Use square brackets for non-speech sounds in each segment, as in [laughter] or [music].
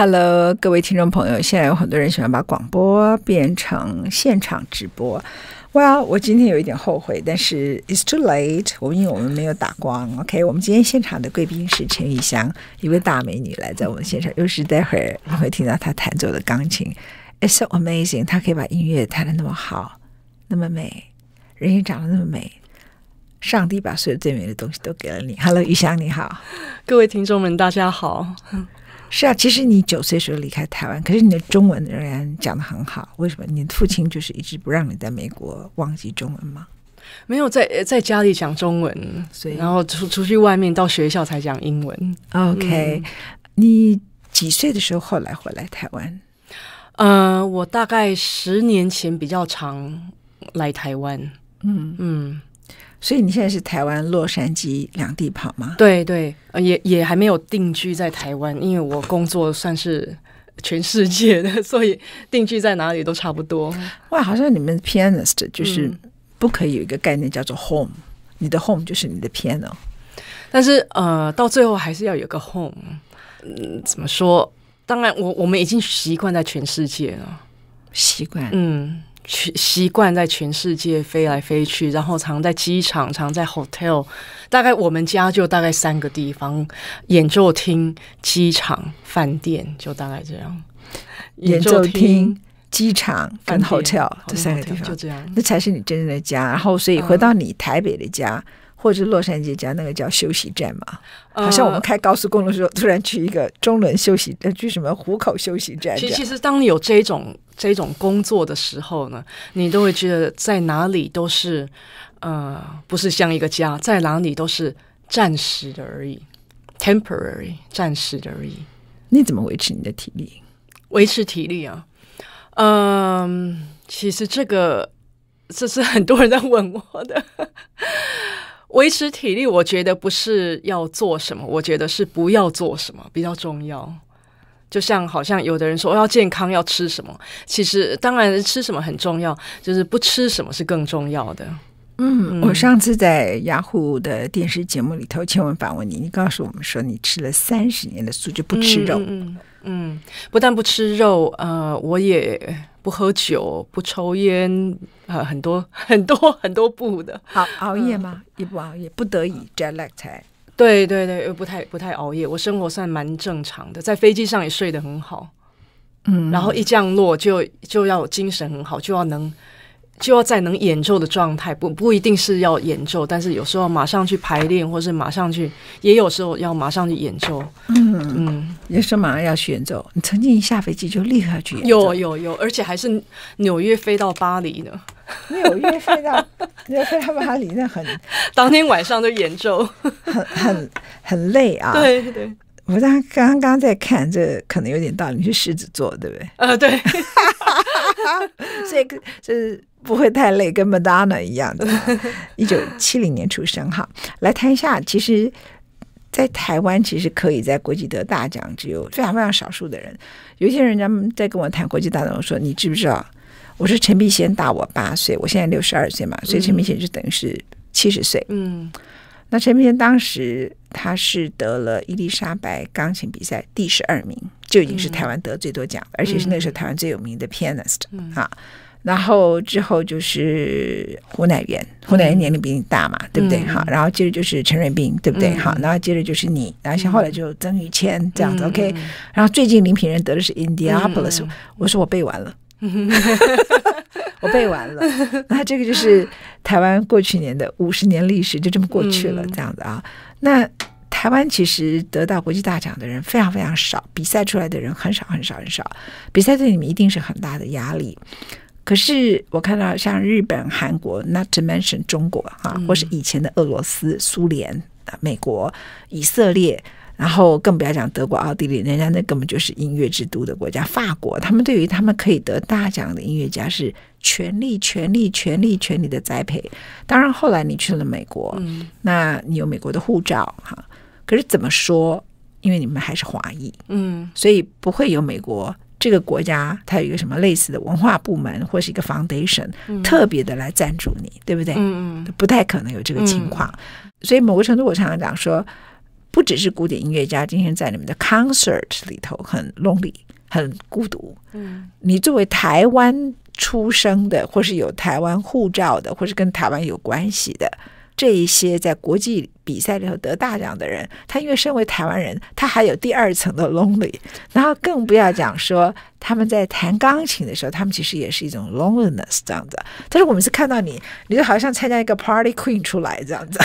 Hello，各位聽眾朋友，現在有很多人喜歡把廣播變成現場直播。Well，我今天有一點後悔，但是 it's too late。我因為我們沒有打光。OK，我們今天現場的貴賓是陳毓襄，一位大美女來在我們現場，又是待會你會聽到她彈奏的鋼琴，It's so amazing，她可以把音樂彈得那麼好，那麼美，人也長得那麼美。上帝把所有最美的東西都給了你。Hello，毓襄你好，各位聽眾們大家好。是啊，其實你九歲時候離開台灣，可是你的中文仍然講得很好，為什麼？你的父親就是一直不讓你在美國忘記中文嗎？沒有，在在家裡講中文，所以然後出出去外面到學校才講英文。OK，嗯，你幾歲的時候後來回來台灣？呃，我大概十年前比較常來台灣。嗯嗯。嗯。所以你現在是台灣、洛杉磯兩地跑嗎？對對，呃、也也還沒有定居在台灣，因為我工作算是全世界的，所以定居在哪裡都差不多。哇，好像你們 pianist 就是不可以有一個概念叫做 home，嗯，你的 home 就是你的 piano，但是呃，到最後還是要有個 home。嗯，怎麼說？當然我，我我們已經習慣在全世界了，習慣。嗯。習，習慣在全世界飛來飛去，然後常在機場、常在 hotel，大概我們家就大概三個地方：演奏廳、機場、飯店，就大概這樣。演奏廳、演奏廳機場、飯店跟 hotel 這三個地方，酒店就這樣，那才是你真正的家。然後，所以回到你台北的家、嗯、或者是洛杉磯家，那個叫休息站嘛。嗯、好像我們開高速公路的時候，突然去一個中壢休息，呃，去什麼湖口休息站。其實，其實當你有這種。這種工作的時候呢，你都會覺得在哪裡都是，呃，不是像一個家，在哪裡都是暫時的而已 （temporary，暫時的而已）。你怎麼維持你的體力？維持體力啊，嗯，um，其實這個這是很多人在問我的。 [laughs] 維持體力，我覺得不是要做什麼，我覺得是不要做什麼比較重要。就像好像有的人說我要健康要吃什麼，其實當然吃什麼很重要，就是不吃什麼是更重要的。嗯，嗯，我上次在雅虎、ah、的電視節目裡頭，前面訪問你，你告訴我們說你吃了三十年的素，就不吃肉嗯。嗯，不但不吃肉，呃，我也不喝酒，不抽菸，呃，很多很多很多不的。好，熬夜嗎？也、呃、不熬夜，不得已 jet lag。對對對，又不太不太熬夜，我生活算蠻正常的，在飛機上也睡得很好，嗯，然後一降落就就要精神很好，就要能就要在能演奏的狀態，不不一定是要演奏，但是有時候馬上去排練，或是馬上去，也有時候要馬上去演奏，嗯嗯，也是馬上要去演奏，你曾經一下飛機就立刻去演奏？有有有，而且還是紐約飛到巴黎呢。沒 [laughs] 有運費的，飛到巴黎那很， [laughs] 當天晚上就演奏，很很很累啊。 [laughs] 對對，對，我剛剛剛在看，這可能有點道理，是獅子座，對不對？呃，對。 [laughs] [laughs] 所以就是不會太累，跟 Madonna 一樣的。一九七零年出生哈， [laughs] [laughs] 來談一下，其實，在台灣其實可以在國際得大獎，只有非常非常少數的人。有些人家在跟我談國際大獎，我說你知不知道？我說陳必先，大我八歲，我現在六十二歲嘛，所以陳必先就等於是七十歲。嗯，那陳必先當時他是得了伊麗莎白鋼琴比賽第十二名，就已經是台灣得最多獎，而且是那時候台灣最有名的 pianist 啊。然後之後就是胡乃元，胡乃元年齡比你大嘛，對不對？好，然後接着就是陳瑞斌，對不對？好，然後接着就是你，然後像後來就曾宇謙這樣子，OK。然後最近林品任得的是 Indianapolis，我說我背完了。 [laughs] 我背完了， [laughs] 那這個就是台灣過去年的五十年歷史，就這麼過去了，嗯、這樣子啊。那台灣其實得到國際大獎的人非常非常少，比賽出來的人很少很少很少，比賽對你們一定是很大的壓力。可是我看到像日本、韓國，not to mention 中國啊，嗯、或是以前的俄羅斯、蘇聯、美國、以色列。然後更不要講德國、奧地利，人家那根本就是音樂之都的國家。法國，他們對於他們可以得大獎的音樂家是全力、全力、全力、全力的栽培。當然後來你去了美國，那你有美國的護照哈，可是怎麼說？因為你們還是華裔，嗯，所以不會有美國這個國家它有一個什麼類似的文化部門或是一個 foundation 特別的來贊助你，對不對？嗯，不太可能有這個情況。所以某個程度，我常常講說。不只是古典音樂家，今天在你們的 concert 裡頭很 lonely，很孤獨。嗯，你作為台灣出生的，或是有台灣護照的，或是跟台灣有關係的這一些在國際比賽裡頭得大獎的人，他因為身為台灣人，他還有第二層的 lonely。然後更不要講說他們在彈鋼琴的時候，他們其實也是一種 loneliness 這樣子，但是我們是看到你，你就好像參加一個 party queen 出來這樣子。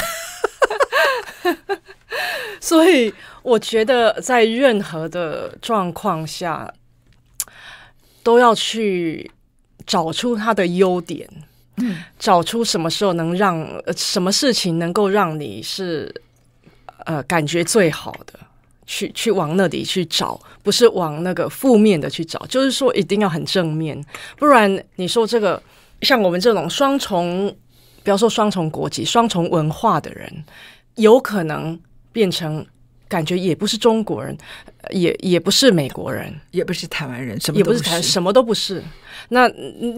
所以我覺得，在任何的狀況下，都要去找出他的優點，嗯、找出什麼時候能讓什麼事情能夠讓你是呃感覺最好的，去去往那裡去找，不是往那個負面的去找，就是說一定要很正面，不然你說這個像我們這種雙重，不要說雙重國籍、雙重文化的人，有可能。變成，感覺也不是中國人，也也不是美國人，也不是台灣人，什麼也不是台灣，什麼都不是。那，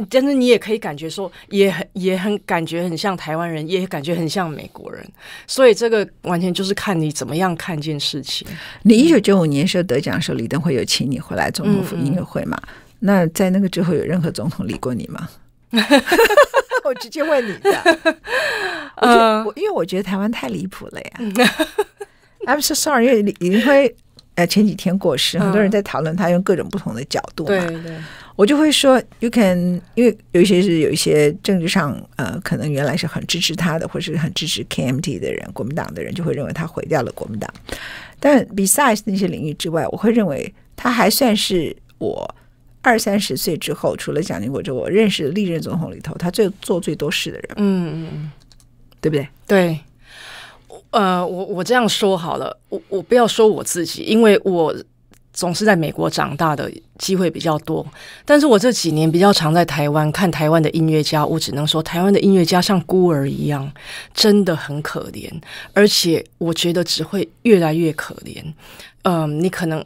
但是你也可以感覺說也，也很也很感覺很像台灣人，也感覺很像美國人。所以這個完全就是看你怎麼樣看這件事情。你一九九五年時候得獎的時候，李登輝有請你回來總統府音樂會嘛？嗯嗯，那在那個之後有任何總統理過你嗎？ [laughs] [laughs] 我直接問你的，我因為我覺得台灣太離譜了呀、uh。I'm so sorry， [laughs] 因為李登輝呃前幾天過世，很多人在討論他用各種不同的角度嘛。對我就會說，you can，因為有一些是有一些政治上呃，可能原來是很支持他的，或是很支持 KMT 的人，國民黨的人就會認為他毀掉了國民黨。但 besides 那些領域之外，我會認為他還算是我。二三十歲之後，除了蔣經國，就我認識歷任總統裡頭，他最做最多事的人。嗯嗯嗯，對不對？對。呃，我我這樣說好了，我我不要說我自己，因為我總是在美國長大的機會比較多。但是我這幾年比較常在台灣看台灣的音樂家，我只能說，台灣的音樂家像孤兒一樣，真的很可憐，而且我覺得只會越來越可憐。嗯、呃，你可能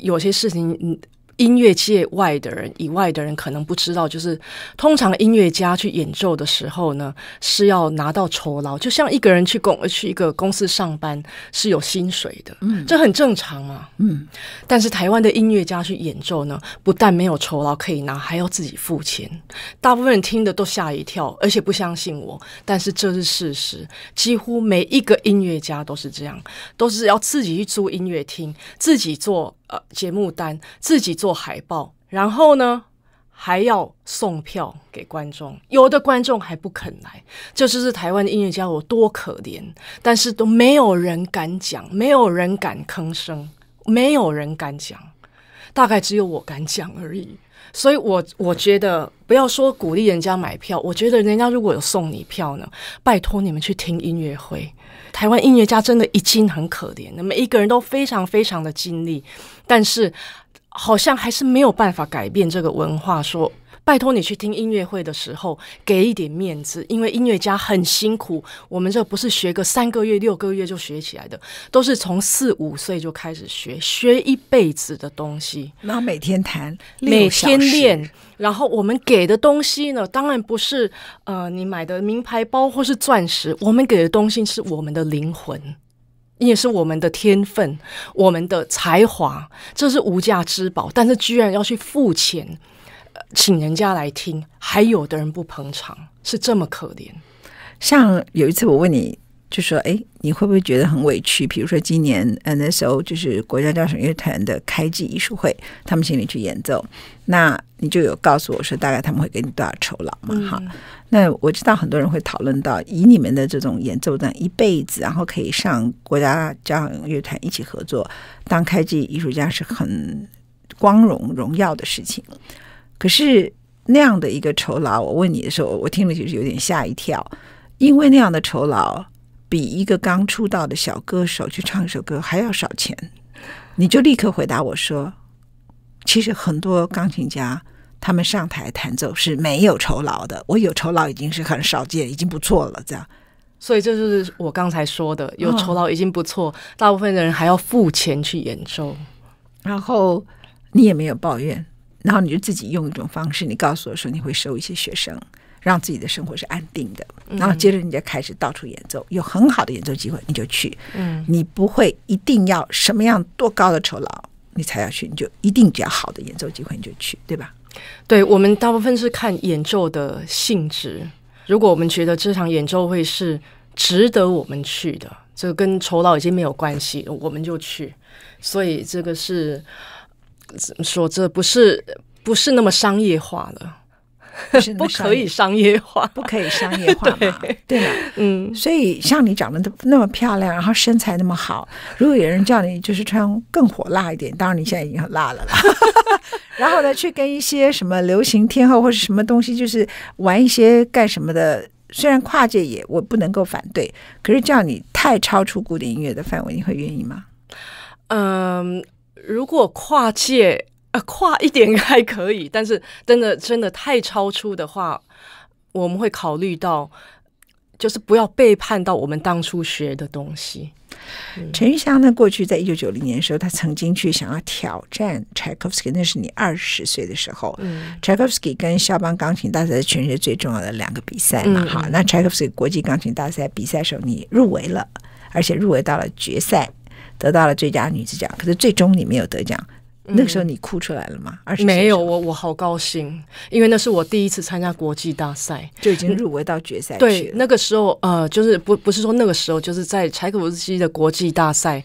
有些事情，嗯。音樂界外的人以外的人可能不知道，就是通常音樂家去演奏的時候呢，是要拿到酬勞，就像一個人去公呃去一個公司上班是有薪水的，嗯，這很正常嘛，嗯。但是台灣的音樂家去演奏呢，不但沒有酬勞可以拿，還要自己付錢，大部分人聽的都嚇一跳，而且不相信我，但是這是事實，幾乎每一個音樂家都是這樣，都是要自己去租音樂廳，自己做。呃，節目單，自己做海報，然後呢，還要送票給觀眾。有的觀眾還不肯來，這就，就是台灣的音樂家我多可憐。但是都沒有人敢講，沒有人敢吭聲，沒有人敢講，大概只有我敢講而已。所以我，我我覺得不要說鼓勵人家買票，我覺得人家如果有送你票呢，拜託你們去聽音樂會。台灣音樂家真的已經很可憐，那每一個人都非常非常的盡力，但是好像還是沒有辦法改變這個文化說。拜託你去聽音樂會的時候，給一點面子，因為音樂家很辛苦。我們這不是學個三個月、六個月就學起來的，都是從四五歲就開始學，學一輩子的東西。然後每天彈，每天練。然後我們給的東西呢，當然不是呃你買的名牌包或是鑽石。我們給的東西是我們的靈魂，也是我們的天分，我們的才華，這是無價之寶。但是居然要去付錢。請人家來聽，還有的人不捧場，是這麼可憐。像有一次我問你，就說：“哎，你會不會覺得很委屈？”比如說今年 NSO 那時候就是國家交響樂團的開季藝術會，他們請你去演奏，那你就有告訴我說，大概他們會給你多少酬勞嘛？嗯、哈，那我知道很多人會討論到，以你們的這種演奏，這樣一輩子，然後可以上國家交響樂團一起合作，當開季藝術家是很光榮榮耀的事情。可是那樣的一個酬勞，我問你的時候，我聽了就是有點嚇一跳，因為那樣的酬勞比一個剛出道的小歌手去唱一首歌還要少錢。你就立刻回答我說：“其實很多鋼琴家他們上台彈奏是沒有酬勞的，我有酬勞已經是很少見，已經不錯了。”這樣，所以這就是我剛才說的，有酬勞已經不錯，哦，大部分的人還要付錢去演奏，然後你也沒有抱怨。然後你就自己用一種方式，你告訴我說你會收一些學生，嗯、讓自己的生活是安定的。然後接着你就開始到處演奏，有很好的演奏機會，你就去。嗯，你不會一定要什麼樣多高的酬勞你才要去，你就一定就要好的演奏機會你就去，對吧？對，我們大部分是看演奏的性質。如果我們覺得這場演奏會是值得我們去的，這跟酬勞已經沒有關係，我們就去。所以這個是。怎麼說，這不是不是那麼商業化了，不， [laughs] 不可以商業化，不可以商業化對，對了嗯。所以像你長得那麼漂亮，然後身材那麼好，如果有人叫你就是穿更火辣一點，當然你現在已經很辣了了， [laughs] [laughs] 然後呢，去跟一些什麼流行天后或者什麼東西，就是玩一些干什麼的，雖然跨界也我不能夠反對，可是叫你太超出古典音樂的範圍，你會願意嗎？嗯。如果跨界，呃、跨一點還可以，但是真的真的太超出的話，我們會考慮到，就是不要背叛到我們當初學的東西。嗯、陳毓襄呢，過去在一九九零年的時候，他曾經去想要挑戰柴可夫斯基，那是你二十歲的時候。柴可夫斯基跟肖邦鋼琴大賽是全世界最重要的兩個比賽嘛？嗯、好，那柴可夫斯基國際鋼琴大賽比賽的時候，你入圍了，而且入圍到了決賽。得到了最佳女子獎，可是最終你沒有得獎。那個時候你哭出來了嗎？嗯、24歲，沒有我，我好高興，因為那是我第一次參加國際大賽，就已經入圍到決賽去了、嗯、對，那個時候，呃，就是不不是說那個時候，就是在柴可夫斯基的國際大賽，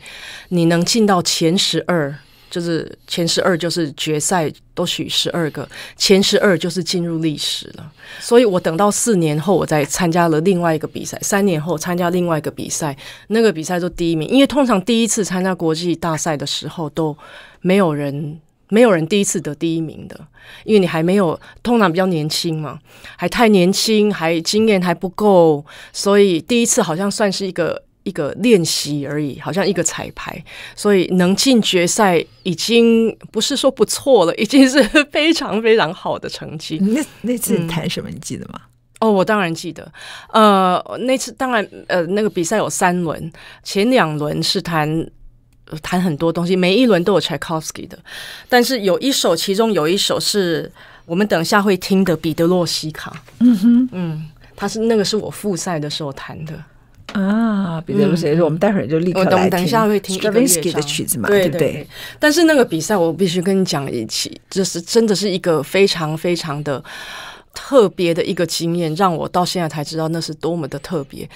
你能進到前十二。就是前十二，就是決賽都取十二個，前十二就是進入歷史了。所以我等到四年後，我再參加了另外一個比賽；三年後參加另外一個比賽，那個比賽都第一名。因為通常第一次參加國際大賽的時候，都沒有人沒有人第一次得第一名的，因為你還沒有，通常比較年輕嘛，還太年輕，還經驗還不夠，所以第一次好像算是一個。一個練習而已，好像一個彩排，所以能進決賽已經不是說不錯了，已經是非常非常好的成績。那那次你彈什麼？嗯、你記得嗎？哦，我當然記得。呃，那次當然，呃，那個比賽有三輪，前兩輪是彈彈、呃、很多東西，每一輪都有柴可夫斯基的，但是有一首，其中有一首是我們等下會聽的《彼得洛西卡》。嗯哼，嗯，他是那個是我複賽的時候彈的。啊，比如說、嗯、我們待會兒就立刻來聽，等一下會聽 Stravinsky 的曲子嘛，對,對對？對對對但是那個比賽我必須跟你講，一起這、就是真的是一個非常非常的特別的一個經驗，讓我到現在才知道那是多麼的特別。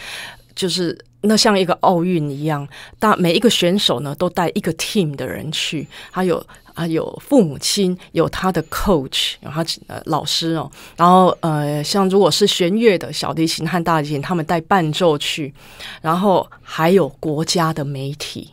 就是那像一個奧運一樣，大每一個選手呢都帶一個 team 的人去，他有他有父母親，有他的 coach，有他呃老師哦，然後呃像如果是弦樂的小提琴和大提琴，他們帶伴奏去，然後還有國家的媒體，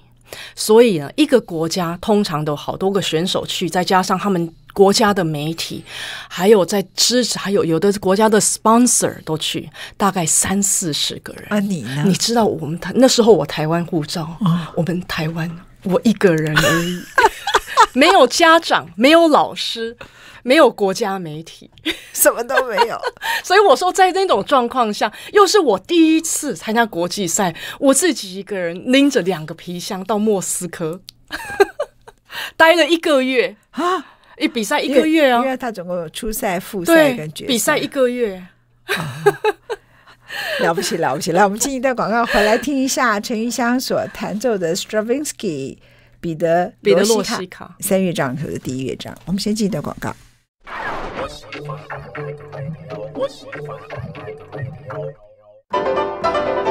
所以呢一個國家通常都好多個選手去，再加上他們。國家的媒體，還有在支持，還有有的國家的 sponsor 都去，大概三四十個人。啊、你呢？你知道我們台那時候，我台灣護照，嗯、我們台灣，我一個人而已， [laughs] 沒有家長，沒有老師，沒有國家媒體，什麼都沒有。 [laughs] 所以我說，在那種狀況下，又是我第一次參加國際賽，我自己一個人拎着兩個皮箱到莫斯科， [laughs] 待了一個月啊。一比賽一個月啊，因為，因為他總共有初賽、複賽跟決賽，比賽一個月， [laughs] 啊、了不起了， [laughs] 了不起！來，我們進一段廣告，回來聽一下陳毓襄所彈奏的 Stravinsky 彼得彼得洛西卡三樂章裡的第一樂章。我們先進一段廣告。 [music]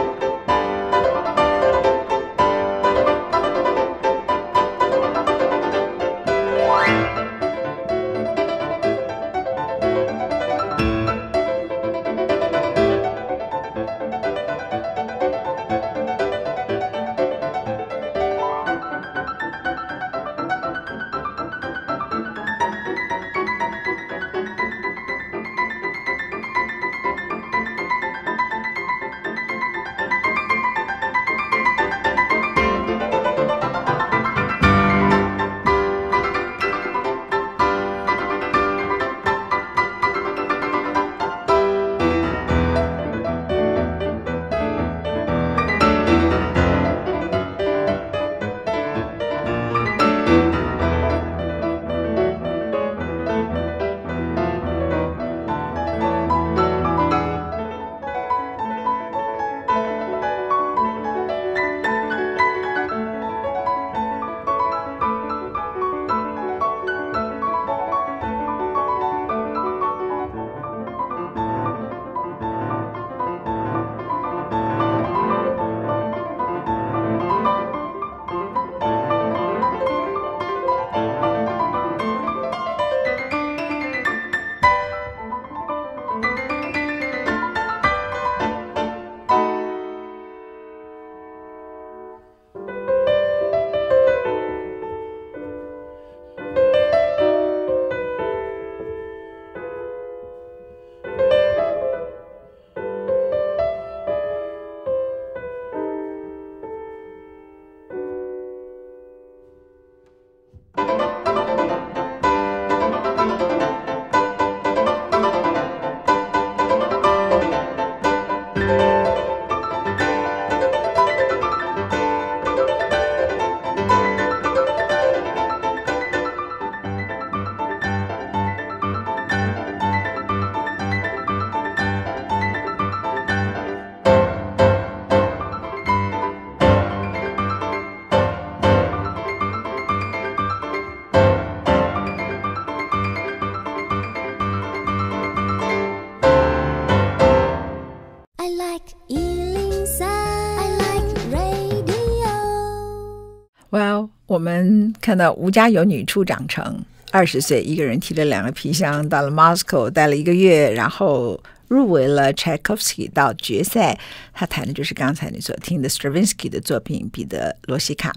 看到吳家有女初長成，二十歲一個人提着兩個皮箱到了 Moscow，待了一個月，然後入圍了柴可夫斯基到決賽，他彈的就是剛才你所聽的 Stravinsky 的作品《彼得羅西卡》。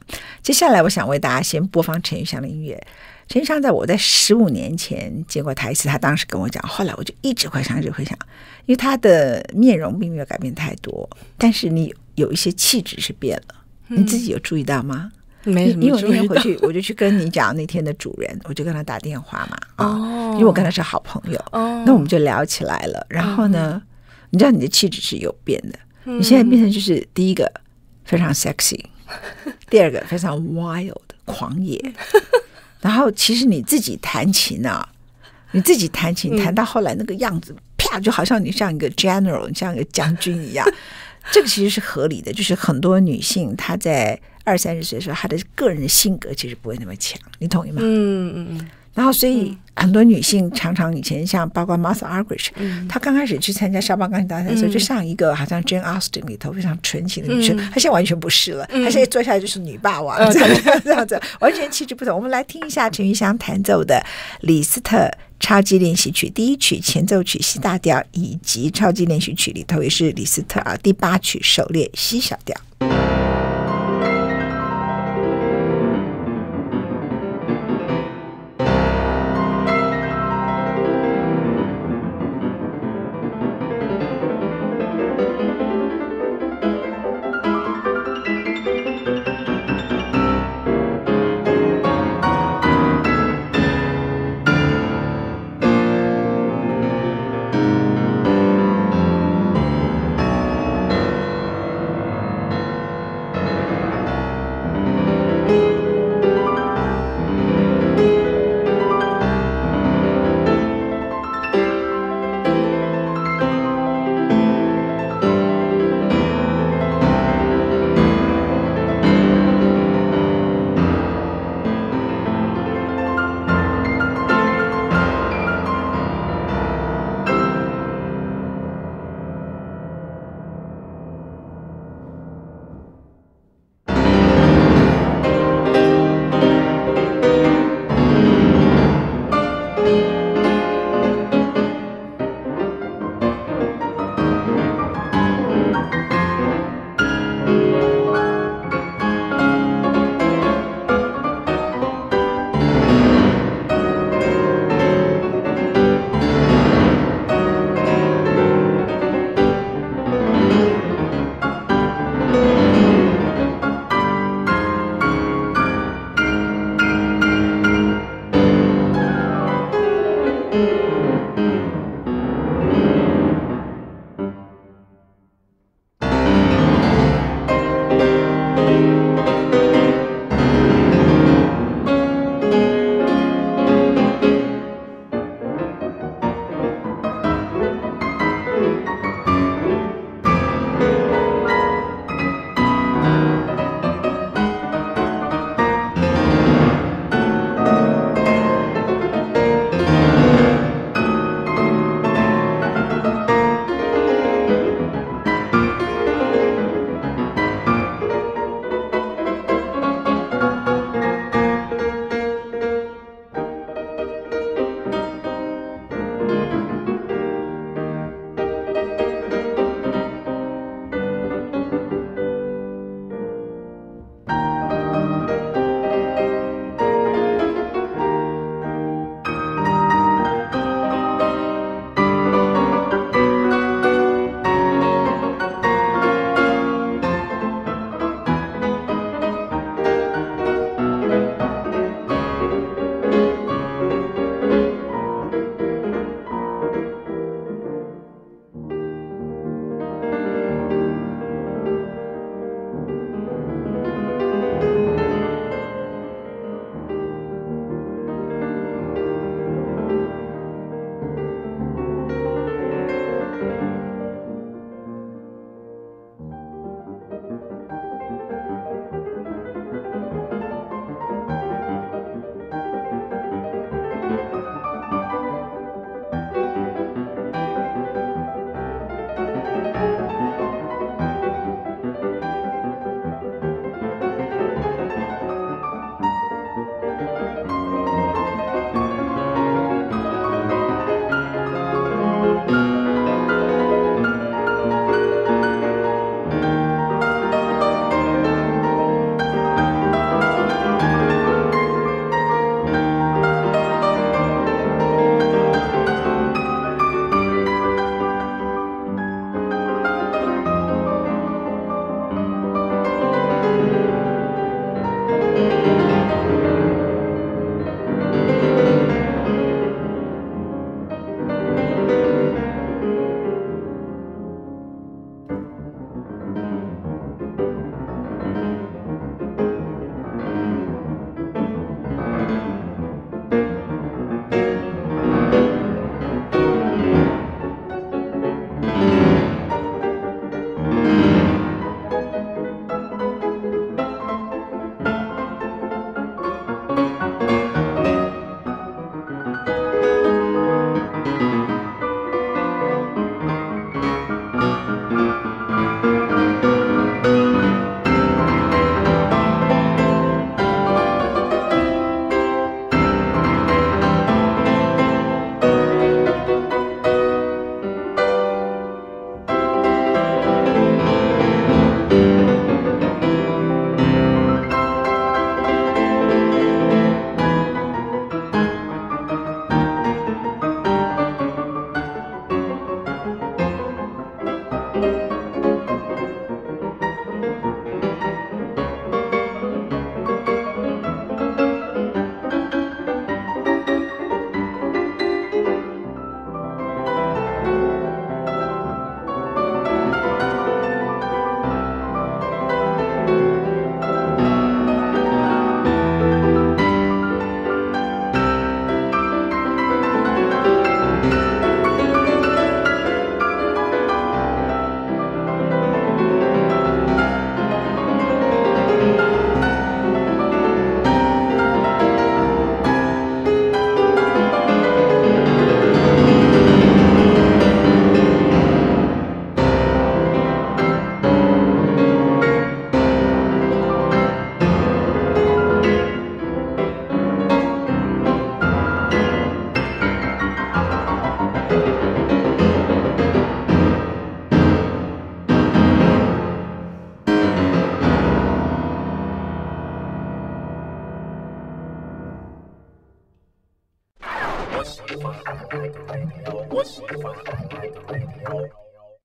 接下來，我想為大家先播放陳毓襄的音樂。陳毓襄在我在十五年前見過他一次，當時跟我講，後來我就一直會想，一直會想，因為他的面容並沒有改變太多，但是你有一些氣質是變了，你自己有注意到嗎？嗯.沒什麼知知你，因為我那天回去，我就去跟你講那天的主人，我就跟他打電話嘛啊，oh, 因為我跟他是好朋友，oh. 那我們就聊起來了。然後呢，mm hmm. 你知道你的氣質是有變的，你現在變成就是第一個非常 sexy，mm hmm. 第二個非常 wild 狂野。 [laughs] 然後其實你自己彈琴啊，你自己彈琴、mm hmm. 彈到後來那個樣子，啪，就好像你像一個 general，你像一個將軍一樣， [laughs] 這個其實是合理的，就是很多女性她在。二三十歲的時候，她的個人的性格其實不會那麼強，你同意嗎？嗯嗯嗯。然後，所以很多女性常常以前像，包括 Martha Argerich、嗯、她剛開始去參加肖邦鋼琴大賽的時候，嗯、就像一個好像 Jane Austen 裡頭非常純情的女生，嗯、她現在完全不是了，嗯、她現在坐下來就是女霸王，這樣子，完全氣質不同。嗯、我們來聽一下陳毓襄彈奏的李斯特超級練習曲第一曲前奏曲 C 大調，以及超級練習曲裡頭也是李斯特啊，第八曲狩獵 C 小調。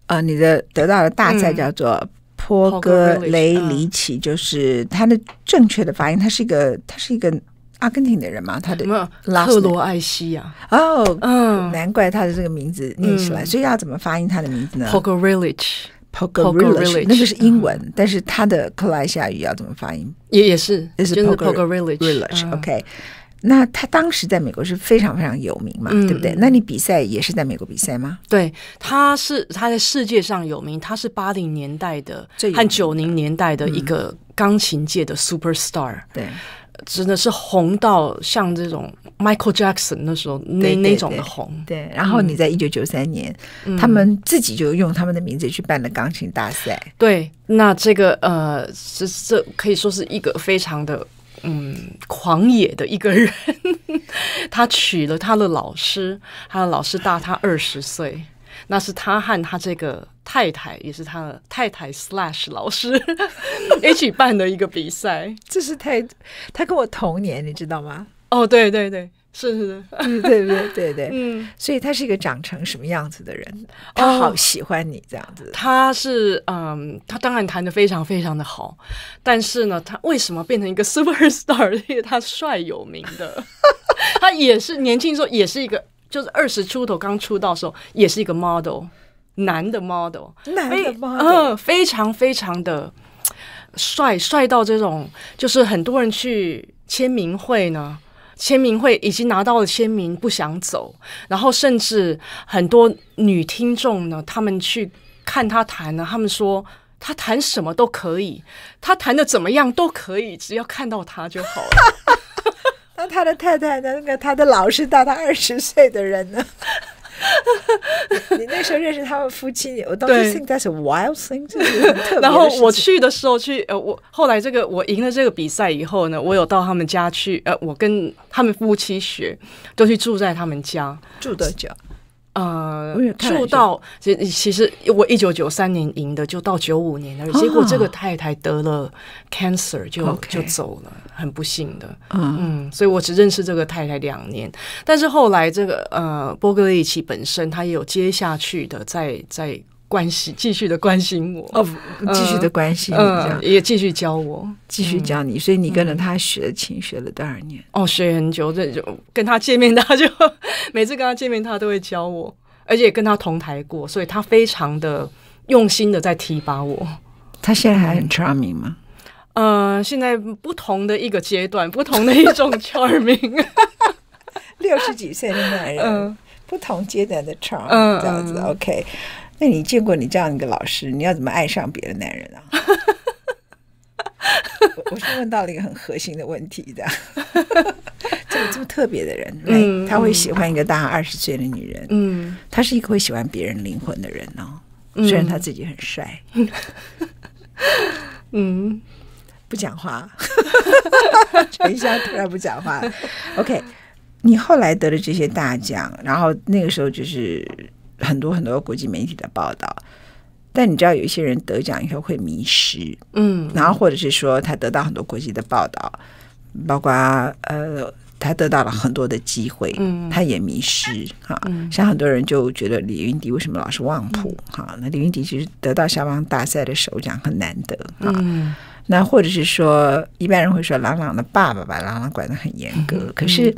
啊，你的得到的大賽叫做波格雷里奇，就是他的正確的發音。他是一個，他是一個阿根廷的人嘛？他的克羅埃西亞。哦，嗯，難怪他的這個名字念起來。所以要怎麼發音他的名字呢？Pogorelich，Pogorelich，那個是英文，但是他的克羅埃西亞語要怎麼發音？也也是，也是 Pogorelich，OK。那他當時在美國是非常非常有名嘛，嗯、對不對？那你比賽也是在美國比賽嗎？對，他是他在世界上有名，他是八零年代的和九零年代的一個鋼琴界的 super star，最有名的、嗯、對，真的是紅到像這種 Michael Jackson 那時候那對對對那種的紅。對，然後你在一九九三年，嗯、他們自己就用他們的名字去辦了鋼琴大賽。嗯、對，那這個呃，這這可以說是一個非常的。嗯，狂野的一個人，他娶了他的老師，他的老師大他二十歲，那是他和他這個太太，也是他的太太 slash 老師一起辦的一個比賽。這是太，他跟我同年，你知道嗎？哦，對對對。是是是，對對對對對。 [laughs] 嗯，所以他是一個長成什麼樣子的人？他好喜歡你這樣子、呃。他是嗯，他當然彈的非常非常的好，但是呢，他為什麼變成一個 super star？因為他帥有名的。 [laughs] 他也是年輕時候也是一個，就是二十出頭剛出道的時候，也是一個 model，男的 model，男的 model，嗯所以、呃，非常非常的帥，帥到這種，就是很多人去簽名會呢，簽名會已經拿到了簽名，不想走。然後甚至很多女聽眾呢，他們去看她彈呢，他們說她彈什麼都可以，她彈的怎麼樣都可以，只要看到她就好了。那他的太太，那個他的老師，大她二十歲的人呢？ [laughs] [laughs] 你那時候認識他們夫妻，我當時 think that's a wild thing，對 [laughs] 然後我去的時候去，呃，我後來這個我贏了這個比賽以後呢，我有到他們家去，呃，我跟他們夫妻學，都去住在他們家，住的家。呃，太太住到其實，其實我一九九三年贏的，就到九五年了。Oh, 結果這個太太得了 cancer，就 Okay. 就走了，很不幸的。Okay. 嗯，嗯所以我只認識這個太太兩年。但是後來這個呃，波格里奇本身他也有接下去的在，在在。關係繼續的關心我哦，繼續的關心你這樣也繼續教我，繼續教你。所以你跟着他學琴學了多少年？哦，學很久。這就跟他見面，他就每次跟他見面，他都會教我，而且跟他同台過，所以他非常的用心的在提拔我。他現在還很 charming 嗎？嗯，現在不同的一個階段，不同的一種 charming。六十幾歲的男人，不同階段的 charm，這樣子 OK。那你見過你這樣一個老師，你要怎麼愛上別的男人啊？ [laughs] 我是問到了一個很核心的問題的。 [laughs] 這個這麼特別的人，他、嗯、會喜歡一個大二十歲的女人，他、嗯、是一個會喜歡別人靈魂的人哦，嗯、雖然他自己很帥，嗯，不講話，陳 [laughs] 毓襄突然不講話。OK，你後來得了這些大獎，然後那個時候就是。很多很多國際媒體的報道，但你知道有一些人得獎以後會迷失，嗯，然後或者是說他得到很多國際的報道，包括呃，他得到了很多的機會，嗯，他也迷失哈。啊嗯、像很多人就覺得李雲迪為什麼老是忘譜哈？那李雲迪其實得到肖邦大賽的首獎很難得啊。嗯、那或者是說一般人會說郎朗的爸爸把郎朗管得很嚴格，嗯、可是。嗯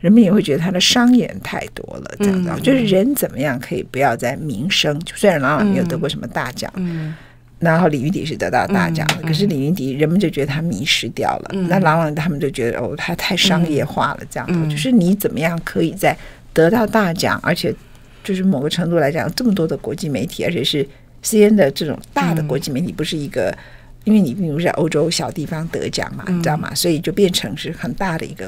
人們也會覺得他的商演太多了，這樣的、嗯、就是人怎麼樣可以不要再名聲？嗯、雖然郎朗沒有得過什麼大獎，嗯、然後李雲迪是得到大獎了。嗯、可是李雲迪人們就覺得他迷失掉了。嗯、那郎朗，朗他們就覺得哦，他太商業化了，這樣子、嗯、就是你怎麼樣可以在得到大獎，而且就是某個程度來講，這麼多的國際媒體，而且是 C N 的這種大的國際媒體，不是一個，嗯、因為你並不是在歐洲小地方得獎嘛，嗯、你知道嗎？所以就變成是很大的一個。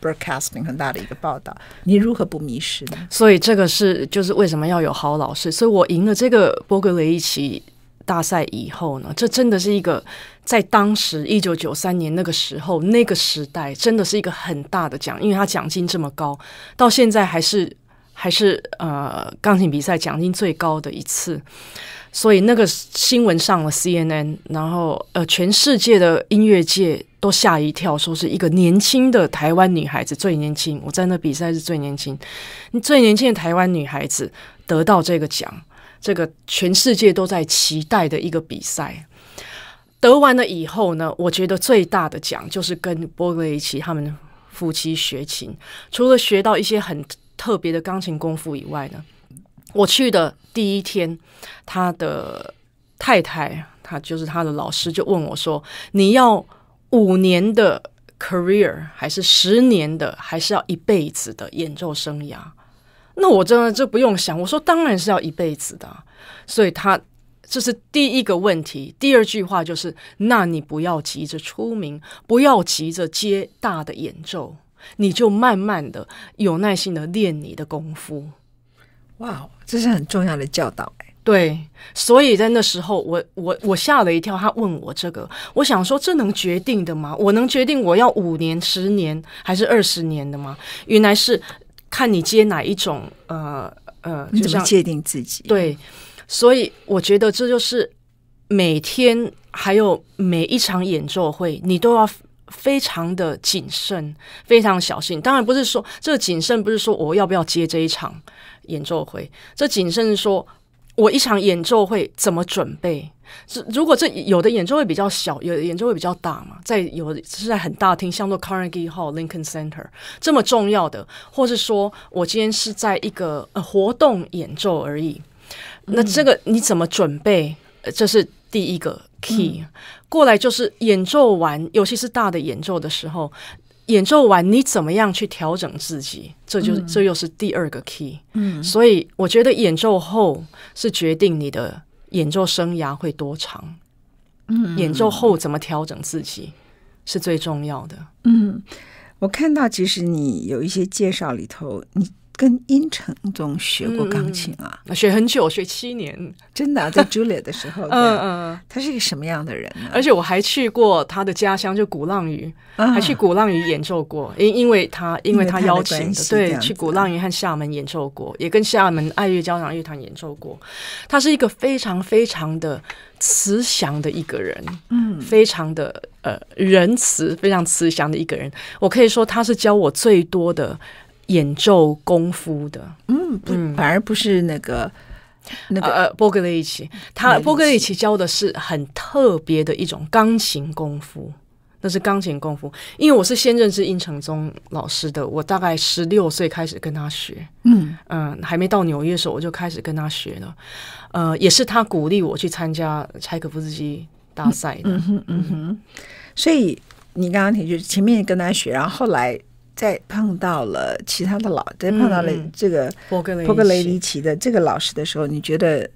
broadcasting 很大的一個報道，你如何不迷失呢？所以這個是就是為什麼要有好老師。所以我贏了這個波哥雷里奇大賽以後呢，這真的是一個在當時一九九三年那個時候那個時代，真的是一個很大的獎，因為他獎金這麼高，到現在還是還是呃鋼琴比賽獎金最高的一次。所以那個新聞上了 CNN，然後呃，全世界的音樂界都嚇一跳，說是一個年輕的台灣女孩子最年輕，我在那比賽是最年輕，最年輕的台灣女孩子得到這個獎，這個全世界都在期待的一個比賽。得完了以後呢，我覺得最大的獎就是跟波格雷奇他們夫妻學琴，除了學到一些很特別的鋼琴功夫以外呢。我去的第一天，他的太太，他就是他的老師，就問我說：“你要五年的 career，還是十年的，還是要一輩子的演奏生涯？”那我真的就不用想，我說當然是要一輩子的啊。所以他這是第一個問題。第二句話就是：“那你不要急着出名，不要急着接大的演奏，你就慢慢的、有耐心的練你的功夫。”哇，wow, 這是很重要的教導哎、欸。對，所以在那時候我，我我我嚇了一跳。他問我這個，我想說這能決定的嗎？我能決定我要五年、十年還是二十年的嗎？原來是看你接哪一種，呃呃，就你怎麼界定自己、啊？對，所以我覺得這就是每天還有每一場演奏會，你都要非常的謹慎，非常小心。當然不是說這個謹慎，不是說我要不要接這一場。演奏會，這甚至是說，我一場演奏會怎麼準備？如果這有的演奏會比較小，有的演奏會比較大嘛，在有的是在很大廳，像做 Carnegie Hall、Lincoln Center 這麼重要的，或是說我今天是在一個呃活動演奏而已，那這個你怎麼準備？呃、這是第一個 key。嗯、過來就是演奏完，尤其是大的演奏的時候。演奏完，你怎麼樣去調整自己？這就、嗯、這又是第二個 key。嗯，所以我覺得演奏後是決定你的演奏生涯會多長。嗯，嗯，嗯，演奏後怎麼調整自己是最重要的。嗯。嗯，我看到其實你有一些介紹裡頭，你。跟殷承宗學過鋼琴啊、嗯，學很久，學七年，真的在 Juilliard 的時候，嗯 [laughs] 嗯，他、嗯、是一個什麼樣的人呢？而且我還去過他的家鄉，就鼓浪嶼，啊、還去鼓浪嶼演奏過，因因為他，因為他邀請的，的的對，去鼓浪嶼和廈門演奏過，也跟廈門愛樂交響樂團演奏過。他是一個非常非常的慈祥的一個人，嗯，非常的呃仁慈，非常慈祥的一個人。我可以說，他是教我最多的，演奏功夫的，嗯，不，反而不是那個、嗯、那個波、啊啊、格雷奇，他波格雷奇教的是很特別的一種鋼琴功夫，那是鋼琴功夫。因為我是先認識殷承宗老師的，我大概十六歲開始跟他學，嗯嗯，還沒到紐約的時候我就開始跟他學了，呃，也是他鼓勵我去參加柴可夫斯基大賽的，嗯，嗯哼，嗯哼嗯哼，所以你剛剛提就是前面跟他學，然後，後來。在碰到了其他的老，在碰到了這個波格雷、嗯、波格雷尼奇的這個老師的時候，你覺得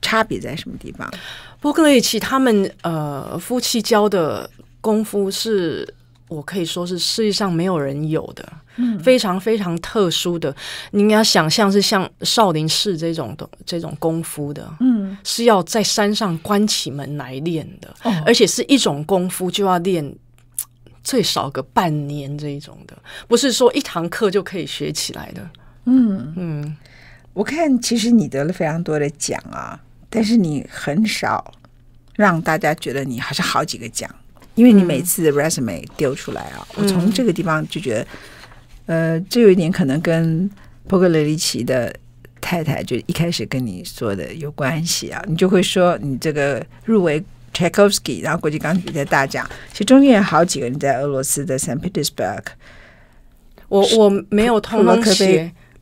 差別在什麼地方？波格雷尼奇他們呃夫妻教的功夫是，是我可以說是世界上沒有人有的，嗯、非常非常特殊的。你應該想像是像少林寺這種的這種功夫的，嗯，是要在山上關起門來練的，哦、而且是一種功夫就要練。最少個半年這一種的，不是說一堂課就可以學起來的。嗯嗯，嗯，我看其實你得了非常多的獎啊，但是你很少讓大家覺得你還是好幾個獎，因為你每次的 resume 丟出來啊，嗯、我從這個地方就覺得，嗯、呃，這有一點可能跟波格雷里奇的太太就一開始跟你說的有關係啊，你就會說你這個入圍。Tchaikovsky，然後國際鋼琴比賽大獎，其實中間有好幾個人在俄羅斯的 Saint Petersburg，我我沒有通過。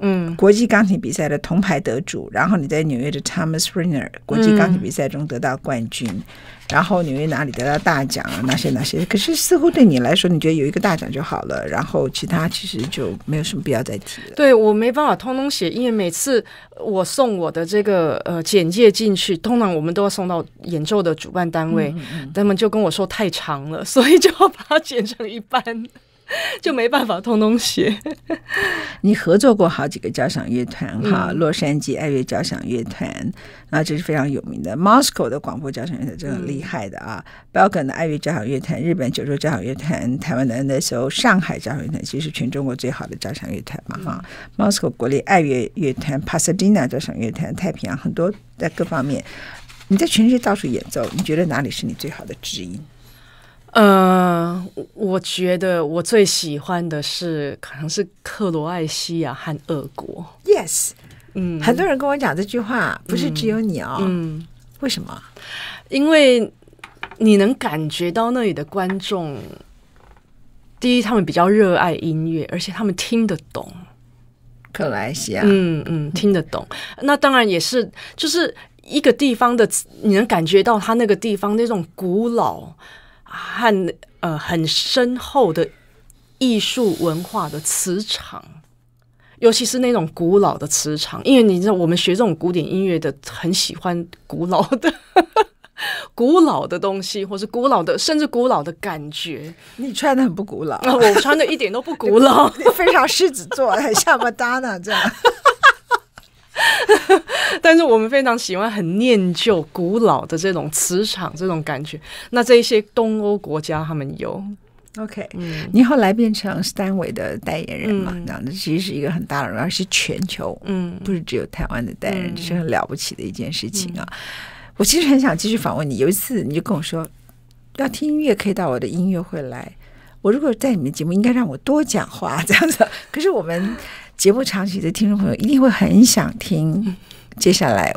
嗯，國際鋼琴比賽的銅牌得主，然後你在紐約的 Thomas Riner 國際鋼琴比賽中得到冠軍。嗯然後紐約哪裡得到大獎啊？那些那些，可是似乎對你來說，你覺得有一個大獎就好了，然後其他其實就沒有什麼必要再提了。對，我沒辦法通通寫，因為每次我送我的這個呃簡介進去，通常我們都要送到演奏的主辦單位，嗯嗯嗯，他們就跟我說太長了，所以就要把它剪成一半。 [laughs] 就沒辦法通通學。你合作過好幾個交響樂團、嗯、哈，洛杉磯愛樂交響樂團，啊，這是非常有名的。嗯、Moscow 的廣播交響樂團，真的厲害的啊。嗯、Belgian 的愛樂交響樂團，日本九州交響樂團，台灣的 NSO，上海交響樂團，其實全中國最好的交響樂團嘛、嗯、哈。Moscow 國立愛樂樂團，Pasadena 交響樂團，太平洋很多在各方面，你在全世界到處演奏，你覺得哪裡是你最好的知音？嗯呃，我覺得我最喜歡的是，可能是克羅埃西亞和俄國。Yes，嗯，很多人跟我講這句話，嗯、不是只有你哦。嗯，為什麼？因為你能感覺到那裡的觀眾，第一，他們比較熱愛音樂，而且他們聽得懂克羅埃西亞。嗯嗯，聽得懂。嗯、那當然也是，就是一個地方的，你能感覺到他那個地方那種古老。和呃，很深厚的藝術文化的磁場，尤其是那種古老的磁場，因為你知道，我們學這種古典音樂的，很喜歡古老的呵呵、古老的東西，或是古老的，甚至古老的感覺。你穿的很不古老。呃、我穿的一點都不古老，非常獅子座，很像個瑪丹娜這樣。 [laughs] 但是我們非常喜歡很念舊古老的這種磁場，這種感覺。那這一些東歐國家他們有。OK，、嗯、你後來變成 Steinway 的代言人嘛？嗯、那其實是一個很大的榮耀，是全球，嗯，不是只有台灣的代言人，嗯、是很了不起的一件事情啊。嗯、我其實很想繼續訪問你。有一次你就跟我說，要聽音樂可以到我的音樂會來。我如果在你們節目，應該讓我多講話這樣子。 [laughs] 可是我們。節目長期的聽眾朋友一定會很想聽，接下來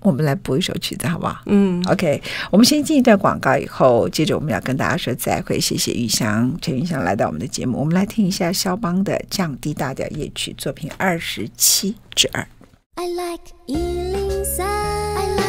我們來播一首曲子，好不好？嗯，OK，我們先進一段廣告，以後接着我們要跟大家說再會。謝謝毓襄陳毓襄來到我們的節目，我們來聽一下肖邦的降 D 大調夜曲作品二十七之二。2 I like